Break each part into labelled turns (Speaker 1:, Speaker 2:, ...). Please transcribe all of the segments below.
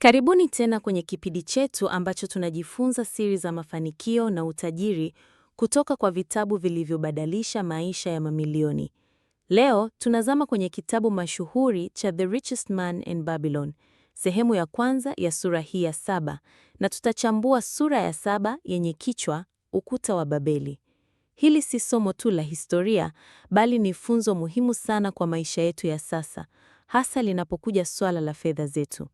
Speaker 1: Karibuni tena kwenye kipindi chetu ambacho tunajifunza siri za mafanikio na utajiri kutoka kwa vitabu vilivyobadilisha maisha ya mamilioni. Leo tunazama kwenye kitabu mashuhuri cha The Richest Man in Babylon, sehemu ya kwanza ya sura hii ya saba, na tutachambua sura ya saba yenye kichwa Ukuta wa Babeli. Hili si somo tu la historia, bali ni funzo muhimu sana kwa maisha yetu ya sasa, hasa linapokuja swala la fedha zetu.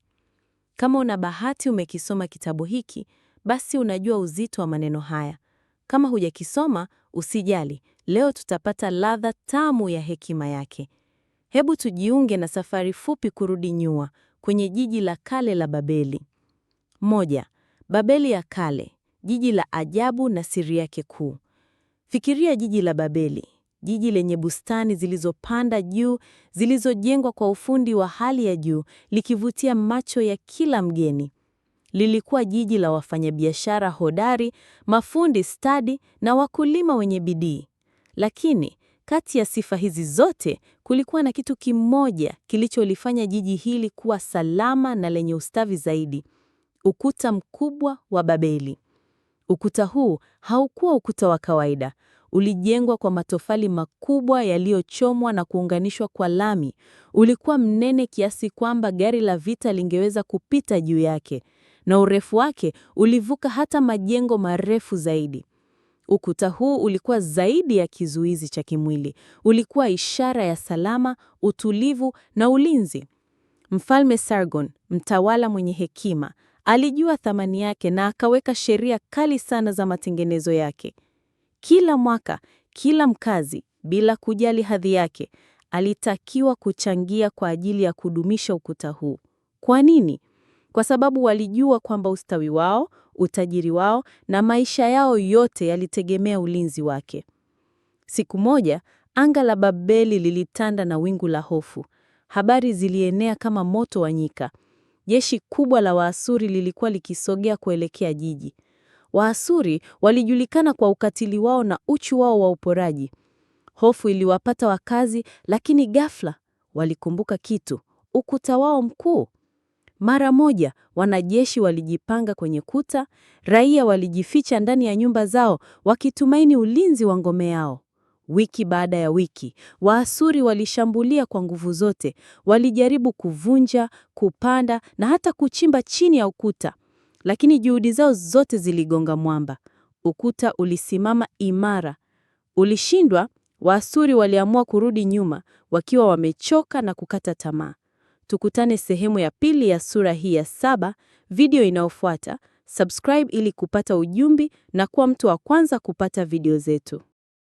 Speaker 1: Kama una bahati umekisoma kitabu hiki, basi unajua uzito wa maneno haya. Kama hujakisoma, usijali, leo tutapata ladha tamu ya hekima yake. Hebu tujiunge na safari fupi kurudi nyuma kwenye jiji la kale la Babeli. Moja, Babeli ya kale, jiji la ajabu na siri yake kuu. Fikiria jiji la Babeli, jiji lenye bustani zilizopanda juu, zilizojengwa kwa ufundi wa hali ya juu, likivutia macho ya kila mgeni. Lilikuwa jiji la wafanyabiashara hodari, mafundi stadi na wakulima wenye bidii. Lakini kati ya sifa hizi zote kulikuwa na kitu kimoja kilicholifanya jiji hili kuwa salama na lenye ustawi zaidi: ukuta mkubwa wa Babeli. Ukuta huu haukuwa ukuta wa kawaida, ulijengwa kwa matofali makubwa yaliyochomwa na kuunganishwa kwa lami. Ulikuwa mnene kiasi kwamba gari la vita lingeweza kupita juu yake, na urefu wake ulivuka hata majengo marefu zaidi. Ukuta huu ulikuwa zaidi ya kizuizi cha kimwili, ulikuwa ishara ya salama, utulivu na ulinzi. Mfalme Sargon, mtawala mwenye hekima, alijua thamani yake na akaweka sheria kali sana za matengenezo yake. Kila mwaka, kila mkazi, bila kujali hadhi yake, alitakiwa kuchangia kwa ajili ya kudumisha ukuta huu. Kwa nini? Kwa sababu walijua kwamba ustawi wao, utajiri wao na maisha yao yote yalitegemea ulinzi wake. Siku moja, anga la Babeli lilitanda na wingu la hofu. Habari zilienea kama moto wa nyika. Jeshi kubwa la Waasuri lilikuwa likisogea kuelekea jiji. Waasuri walijulikana kwa ukatili wao na uchu wao wa uporaji. Hofu iliwapata wakazi, lakini ghafla walikumbuka kitu: ukuta wao mkuu. Mara moja wanajeshi walijipanga kwenye kuta, raia walijificha ndani ya nyumba zao wakitumaini ulinzi wa ngome yao. Wiki baada ya wiki, Waasuri walishambulia kwa nguvu zote. Walijaribu kuvunja, kupanda na hata kuchimba chini ya ukuta. Lakini juhudi zao zote ziligonga mwamba. Ukuta ulisimama imara. Ulishindwa, Waasuri waliamua kurudi nyuma wakiwa wamechoka na kukata tamaa. Tukutane sehemu ya pili ya sura hii ya saba, video inayofuata. Subscribe ili kupata ujumbe na kuwa mtu wa kwanza kupata video zetu.